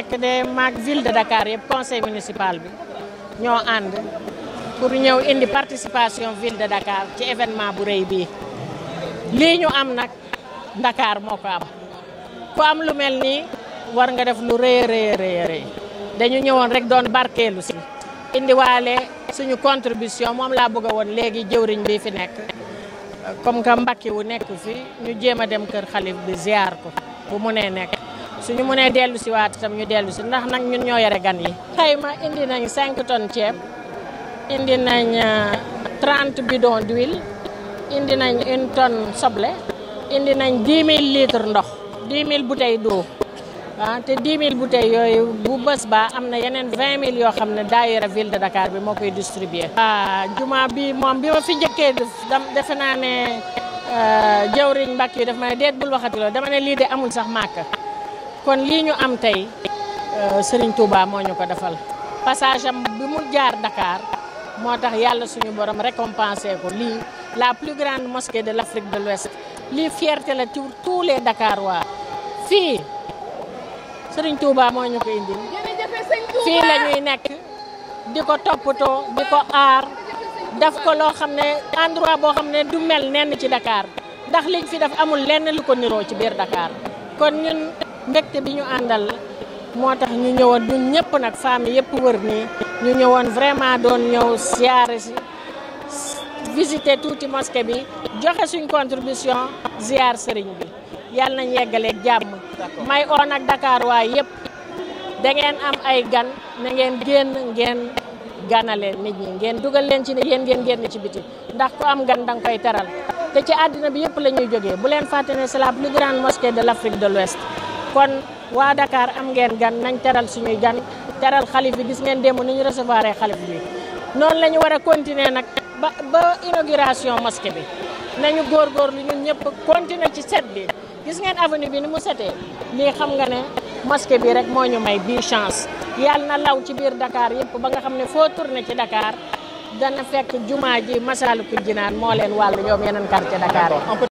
fekk de maag ville de Dakar yëpp conseil municipal bi ñoo ànd pour ñëw indi participation ville de Dakar ci événement bu rëy bii lii ñu am nag Dakar moo ko am lu mel nii war nga def lu rëy rëy rëy rëy dañu ñëwoon rek doon barkeelu si indiwaale suñu contribution moom laa bëgg woon léegi jëwriñ bi fi nekk comme que mbakki wu nekk fi ñu jéem a dem kër xalif bi ziar ko bu mu nee nekk ñu mënee dellu si waat itam ñu dellu si ndax nag ñun ñoo yore gan yi. xayma indi nañ 5 tonnes ceeb indi nañ 30 euh, bidons d'huile indi nañ une tonne soble indi nañ 10 000 litres ndox 10 000 bouteilles d'eau ah te 10 000 bouteilles yooyu bu bës ba am na yeneen 20 000 yoo xam ne daayira ville de Dakar bi moo koy distribuer. ah juma bi moom bi ma fi njëkkee defe naa ne euh, jëwriñ mbàkk yi daf ma ne déet bul waxati dama ne lii de amul sax màkk. kon lii ñu am tey euh, Serigne Touba moo ñu ko defal passage am bi mu jaar Dakar moo tax yàlla suñu borom récompensé ko lii la plus grande mosquée de l'Afrique de l'Ouest lii fierté la pour tous les Dakarois fii sëriñ Touba moo ñu ko indil fii la nekk di ko toppatoo di ko aar daf ko loo xam ne endroit boo xam ne du mel nenn ci Dakar ndax liñ fii def amul lenn lu ko niroo ci biir Dakar kon ñun mbégte bi ñu àndal moo tax ñu ñëwoon ñun ñëpp nag famille yëpp wër nii ñu ñëwoon vraiment doon ñëw siyaare si visite tuuti mosquée bi joxe suñ contribution ziar sëriñ bi yàlla nañ yeggaleeg jàmm may oo nag Dakar waay yëpp da ngeen am ay gan na ngeen génn ngeen ganaleen nit ñi ngeen dugal leen ci ne yéen ngeen génn ci biti ndax ku am gan danga koy teral te ci àddina bi yëpp la ñuy jógee bu leen fàtte ne c'est la plus grande mosquée de l'Afrique de l'Ouest kon waa Dakar am ngeen gan nañ teral suñuy gan teral xalif bi gis ngeen démb ni ñu recevoir xalif bi noonu la ñu war a continuer nag ba ba inauguration mosquée bi nañu góor góorgóorlu ñun ñëpp continuer ci set bi gis ngeen avenue bi ni mu setee lii xam nga ne mosquée bi rek moo ñu may bii chance yàlla na law ci biir Dakar yëpp ba nga xam ne foo tourné ci Dakar dana fekk jumaa ji Masaalikul naan moo leen wàllu ñoom yeneen quartier Dakar yi